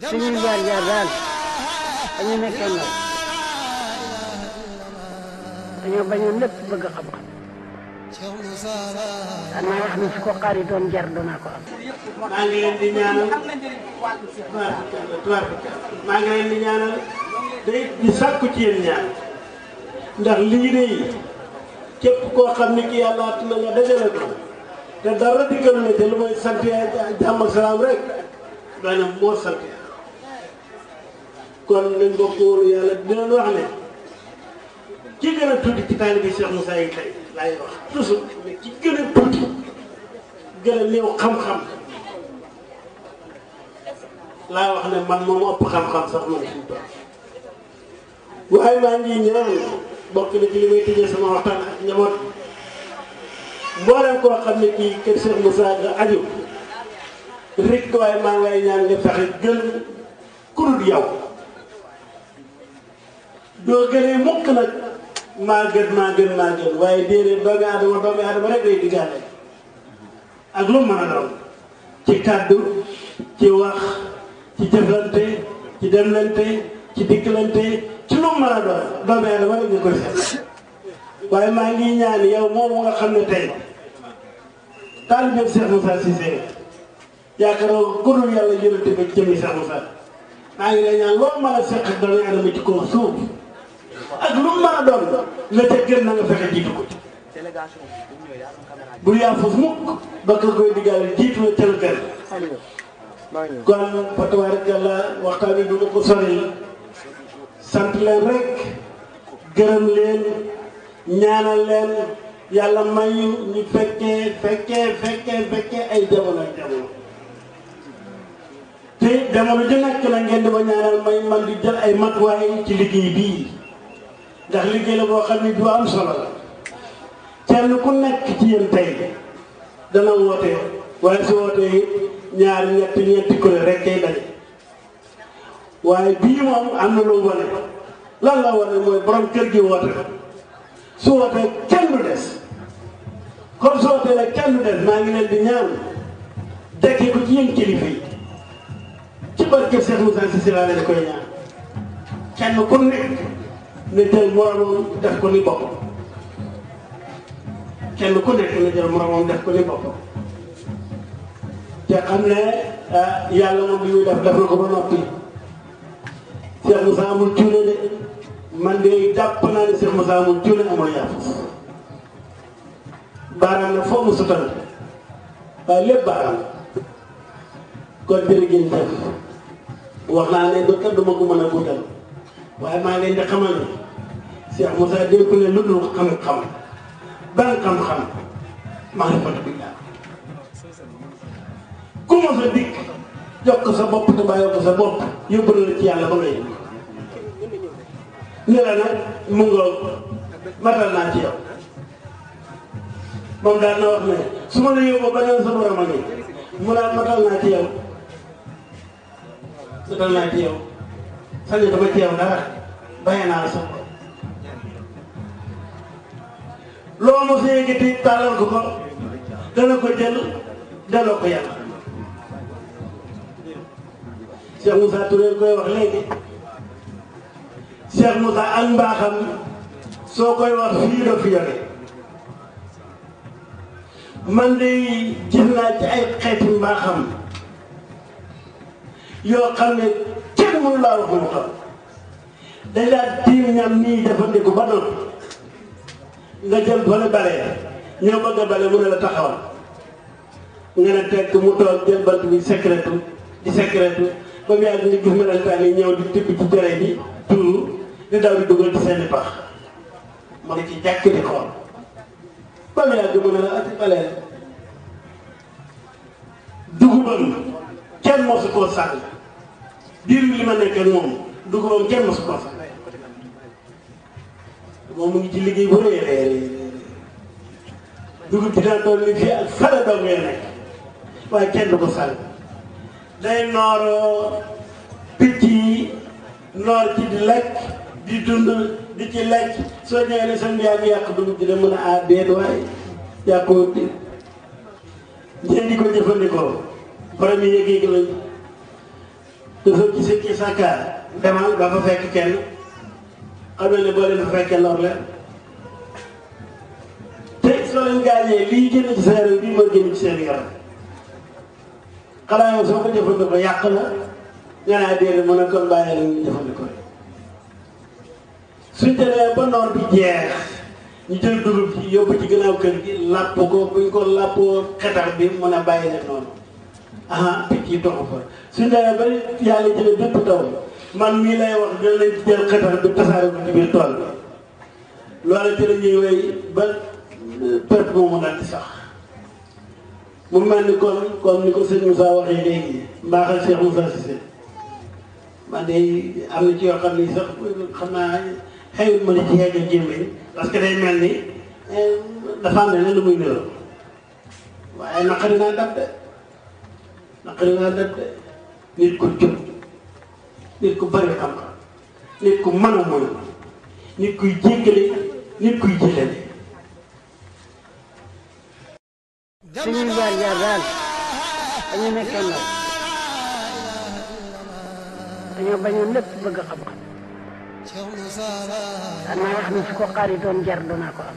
suñuy jaar jaar daal dañu nekkee ndaw bëgg xam-xam daanaa wax ne su ko yi doon jar danaa ko am. maa ngi di ñaanal di ñaanal ci yéen ñaan ndax lii day képp koo xam ne ki yàlla at na nga dajale ko te dara digal na te lu may sant jàmm ak salaam rek doy na moo sant kon nañ ko kóolu yàlla dinañ wax ne ci gën a tuuti ci taalibi Cheikh Moussa yi tey laay wax toujours ne ci gën a tuuti gën a néew xam-xam laa wax ne man moom ëpp xam-xam sax man suñu na ci li may tëjee sama waxtaan ak njaboot mboolem xam ne kii kër Cheikh Moussa nga aju rek maa ngi ñaan nga fexe gën ku dul doo gënee mukk nag maa gën maa gën maa gën waaye déedéet doomi aadama doomi aadama rek lay diggaale ak lu mën ci kàddu ci wax ci jëflante ci demlante ci dikkalante ci lu mën a doon doomi aadama rek nga koy fekk waaye maa ngi ñaan yow moomu nga xam ne tey taalibe Cheikh Moussa Cissé yaakaaroo gudul yàlla yële tamit jëmi Cheikh Moussa maa ngi lay ñaan loo mën a ak doomi aadama ci kaw suuf. lu mu mën a doon la ca gën na nga fexe jiitu ko bu yaafus mukk ba ko koy diggaale jiitu la tel gën kon fa tabarakallah waxtaan bi du ma ko sori sant leen rek gërëm leen ñaanal leen yàlla may ñu fekkee fekkee fekkee fekkee ay jamono ay jamono te jamono ju nekk la ngeen di ma ñaanal may man di jël ay matuwaay ci liggéey bii ndax liggéey la boo xam ne bu am solo la kenn ku nekk ci yéen tey dana woote waaye su ñaar ñetti ñetti kuréel rek kay daje waaye bii moom am na lu wane lan la wane mooy borom kër gi woote su wootee kenn du des comme su wootee rek kenn du des maa ngi leen di dekkee ko ci yéen kilifa yi ci barke Cheikh Moussa Cissé laa leen koy ñaan kenn ku nekk. ne tey moroomam def ko ni boppam kenn ku nekk na jël moroomam def ko ni boppam te xam ne ah, yàlla moom li muy def def na ko ba noppi Cheikh Moussa amul cuune de man de jàpp naa ne Cheikh Moussa amul cuune amoo yaafus baaraam la foo sutal waaye lépp baaraam kon jërëjëf wax naa ne du kenn du ma ko mën waaye maa leen di xamal ne Cheikh Moussa dénk ne lu dul xam-xam ban xam-xam maarifatu billah ku mos dikk jox ko sa bopp te bàyyi ko sa bopp yóbbu na la ci yàlla ba ngay ne la nag mu ngoog matal naa ci yow moom daal na wax ne su ma la yóbboo ba neen sa borom a nii mu daal matal naa ci matal naa ci xale dama teew dara bàyyi naa la sax loo ma fi yëkkati tàllal ko ko dana ko jël delloo ko yàlla Cheikh Moussa Touré koy wax léegi Cheikh Moussa ak mbaaxam soo koy wax fii la fi yore man de jël naa ci ay xeeti mbaaxam yoo xam ne kenn mënu laa wax ba mu xam dañ laa tiim ñam nii defandiku ba doon nga jël bële bale ñoo bëgg a bale mu ne la taxawal nga ne tekk mu toog jël bant bi secrétu di secrétu ba mu yàgg nga ñëw di tibb ci jëre bi ngi ci jàkk di xool mu ne la ati bale dugubam kenn mosu koo sànni diir li ma nekkee moom du ko moom kenn su ko fa moom mu ngi ci liggéey bu rëy a dugub bi daan doon ni fii ak fara doom ngay waaye kenn ko sal day nooroo picc yi noor ci di lekk di dund di ci lekk soo ne sa yaa yàq dugub ji da mën a aar waaye yàqoo ñeen ko jëfandikoo premier yëg-yëg lañ te soo ci sàkkaar demal ba fekk kenn xam ne boo leen fa fekkee lor la te soo leen gaañee lii génn ci sa yaram bii moo génn ci seen yaram xanaa yow soo ko jëfandikoo yàq la nga naa ah, déedéet mën a kon bàyyi la ñu jëfandikoo suñ demee ba noor bi jeex ñu jël dugub ji yóbbu ci gannaaw kër gi làpp ko buñ ko làppoo xetar bi mën a bàyyi la noonu ah picc yi toxu fa suñu demee ba yàlla jëlee bépp taw man mii lay wax dina leen jël xetax bi tasaare ko ci biir tool loolu ci la ñuy wéy ba euh, perte moomu sax. mu mel ni kon kon ni ko sëñ Moussa waxee léegi mbaaxal Cheikh Moussa Cissé xam ne sax xam ci yeggal jéem parce que day mel ni euh, dafa am leneen lu muy niroo waaye naqari naa dab de. naqari naa def de nit ku jub nit ku bëri xam-xam nit ku mën a muñ nit kuy jéggale nit kuy jëlale suñuy jaar jaar daal dañu nekkoon nag dañoo bañoon lépp bëgg xam-xam daan naa wax ne su ko xaaritoon jar danaa ko am